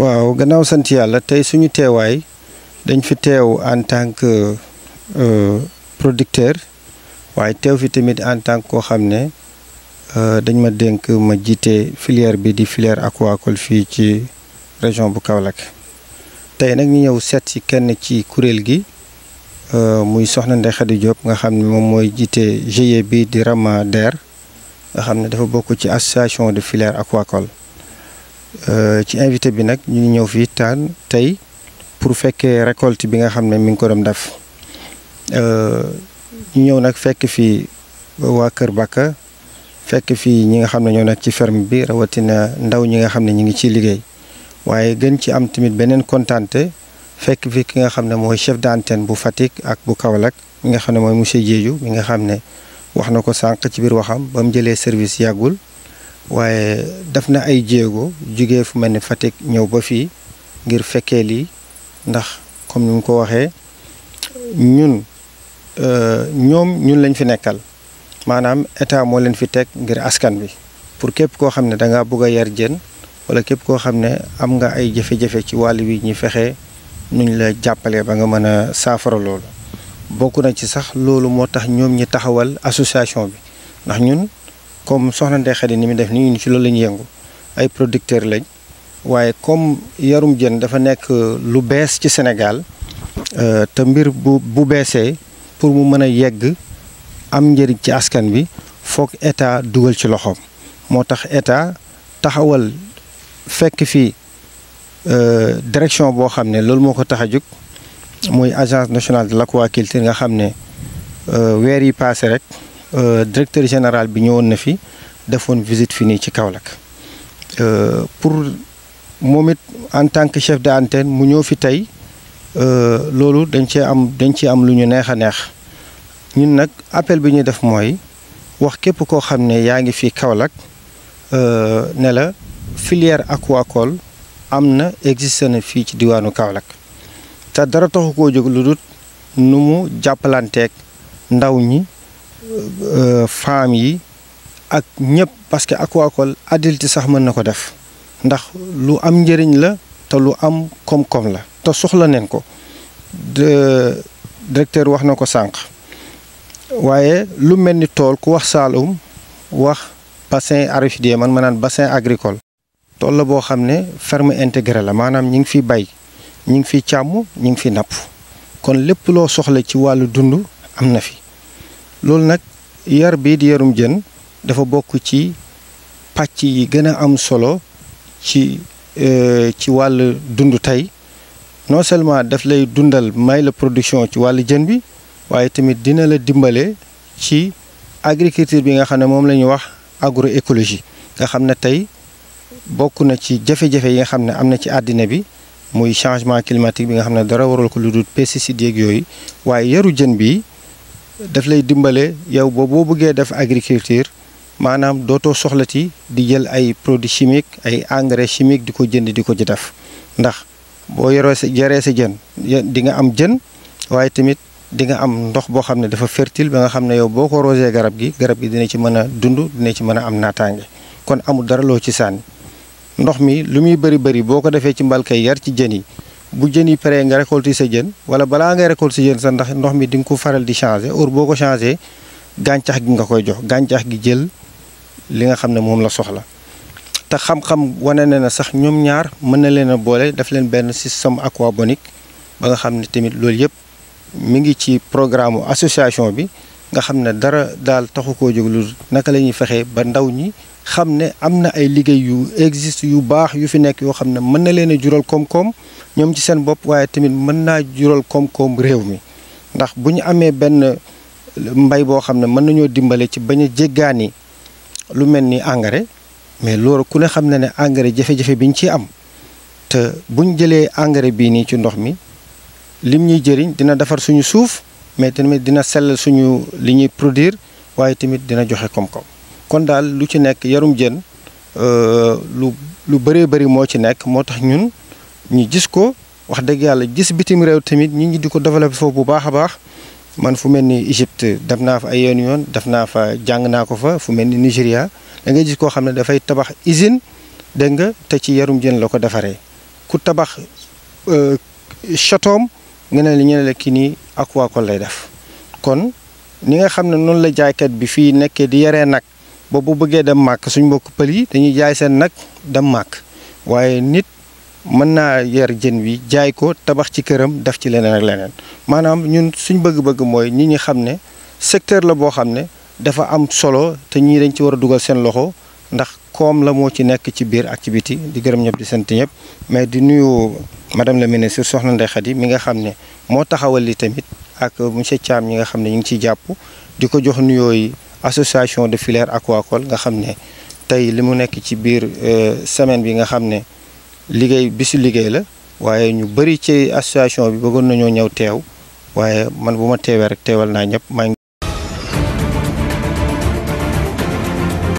waaw gannaaw sant yàlla tey suñu teewaay dañ fi teew en tant que euh, producteur waaye teew fi tamit en tant koo xam ne euh, dañ ma dénk ma jiite filière bi di filière aquacole fii ci région bu Kaolack tey nag ñu ñëw seet si kenn ci kuréel gi euh, muy soxna Ndeye Khady nga xam ne moom mooy jiite GIE bi di Ramader nga xam ne dafa bokk ci association de filière aquacole Euh, ci invité bi nag ñu ñëw fii taan tey pour fekkee récolte bi nga xam ne mi ngi ko doon def euh, ñu ñëw nag fekk fii waa Kër Baka fekk fii ñi nga xam ne ñoo nekk ci ferme bi rawatina ndaw ñi nga xam ne ñu ngi ciy liggéey waaye gën ci am tamit beneen kontaante fekk fi ki nga xam ne mooy chef d'antenne bu Fatick ak bu kaw Kaolack mi nga xam ne mooy monsieur Diédhiou mi nga xam ne wax na ko sànq ci biir waxam ba mu jëlee service yàggul. waaye def na ay jéego jugee fu mel ni Fatick ñëw ba fii ngir fekkee lii ndax comme ni mu ko waxee ñun euh, ñoom ñun lañ fi nekkal maanaam état moo leen fi teg ngir askan bi pour képp koo xam ne da ngaa bëgg a yar jën wala képp koo xam ne am nga ay jafe-jafe ci wàll wi ñu fexe nuñ la jàppalee ba nga mën a saafara loolu bokk na ci sax loolu moo tax ñoom ñi taxawal association bi ndax ñun comme soxna Ndeye Khady ni mu def nii ci loolu la ñuy yëngu ay producteurs lañ waaye comme yarum jën dafa nekk euh, lu bees ci Sénégal euh, te mbir bu bu beesee pour mu mën a yegg am njëriñ ci askan bi foog état dugal ci loxoom moo tax état taxawal fekk fii euh, direction boo xam ne loolu moo ko tax a jóg mooy agence nationale de l'aquaculture nga xam ne weer yi passé rek. Euh, directeur général bi ñëwoon na fi defoon visite fi nii ci Kaolack euh, pour moom it en tant que chef de antenne mu ñëw fi tey euh, loolu dañ cee am dañ ci am lu ñu neex a neex ñun nag appel bi ñuy def mooy wax képp koo xam ne yaa ngi fi Kaolack ne la filière aquacole am na existe na fii ci diwaanu Kaolack te dara taxu koo jóg lu dul nu mu jàppalanteek ndaw ñi. Euh, femmes yi ak ñepp parce que col adulte sax mën nako def ndax lu am njëriñ la te lu am kom kom la te soxla neen ko de directeur wax nako ko waye lu melni tol ku wax salum wax bassin arifidier man manan bassin agricole tol la bo xamne ne ferme intégrée la manam ñing fi bay ñing fi chamu ñing fi nap kon lepp lo soxla ci walu dundu am fi loolu nag yar bii di yarum jën dafa bokk ci pàcc yi gën a am solo ci e, ci wàll dund tey non seulement daf lay dundal may la production ci wàll jën bi waaye tamit dina la dimbale ci agriculture bi nga xam ne moom la ñuy wax écologie nga xam ne tey bokk na ci jafe-jafe yi nga xam ne am na ci àddina bi muy changement climatique bi nga xam ne dara waral ko lu dul pesticides yeeg yooyu waaye yaru jën bi daf lay dimbale yow ba boo bëggee def agriculture maanaam dootoo soxlati di jël ay produits chimique ay engrais chimique di ko jënd di ko ci def ndax boo yoree sa jaree sa jën di nga am jën waaye tamit di nga am ndox boo xam ne dafa fertile ba nga xam ne yow boo ko rosé garab gi garab gi dina ci mën a dund dina ci mën a am naataange kon amul dara loo ci sànni ndox mi lu muy bëri bëri boo ko defee ci mbal kay yar ci jën yi bu jën yi paree nga récolter sa jën wala balaa ngay récolter sa jën sa ndax ndox mi di nga ko faral di changer heure boo ko changer gàncax gi nga koy jox gàncax gi jël li nga xam ne moom la soxla te xam-xam wane na ne sax ñoom ñaar mën na leen a boole daf leen benn système aquaponique ba nga xam ne tamit loolu yëpp mu ngi ci programme association bi nga xam ne dara daal taxu koo jóg lu naka la ñuy fexee ba ndaw ñi. xam ne am na ay liggéey yu existe yu baax yu fi nekk yoo xam ne mën na leen jural koom-koom ñoom ci seen bopp waaye tamit mën naa jural koom-koom réew mi ndax bu ñu amee benn mbay boo xam ne mën nañoo dimbale ci bañ a jéggaani lu mel ni engrais mais loolu ku ne xam ne ne engrais jafe-jafe bi ñu ciy am te buñ jëlee engrais bii nii ci ndox mi lim ñuy jëriñ dina defar suñu suuf mais tamit dina sell suñu li ñuy produir waaye tamit dina joxe koom-koom. kon daal lu ci nekk yarum jën euh, lu lu bëree bëri moo ci nekk moo tax ñun ñu gis ko wax dëgg yàlla gis bitim réew tamit ñi ñi di ko développé foofu bu baax a baax man fu mel ni Égypte def naa fa ay yoon yoon def naa fa jàng naa ko fa fu mel ni Nigéria da ngay gis koo xam ne dafay tabax usine dégg nga te ci yarum jën la ko defaree ku tabax euh, chatoom nga ne la ñu ne la kii nii aquacole lay def kon ni nga xam ne noonu la jaaykat bi fii nekkee di yaree nag ba bu bëggee dem mak suñ mbokk pël yi dañuy jaay sen nak dem mak nit mën na yer jën wi jaay ko tabax ci kërëm daf ci leneen ak leneen manam ñun suñ bëgg-bëgg moy ñi ñi secteur la bo dafa am solo te ñi dañ ci war duggal sen loxo ndax kom la mo ci nek ci biir ak ci biti di gërëm ñëpp di sant ñëpp mais di nuyu madame la ministre soxna ndey xadi mi nga xam mo taxawal li tamit ak monsieur cham ñi nga xam ñu jox nuyo yi association de filière aquacole nga xam ne tey li mu nekk ci biir euh, semaine bi nga xam ne liggéey bisu liggéey la waaye ñu bëri ci association bi bëggoon nañoo ñëw teew waaye man bu ma teewee rek teewal naa ñëpp maa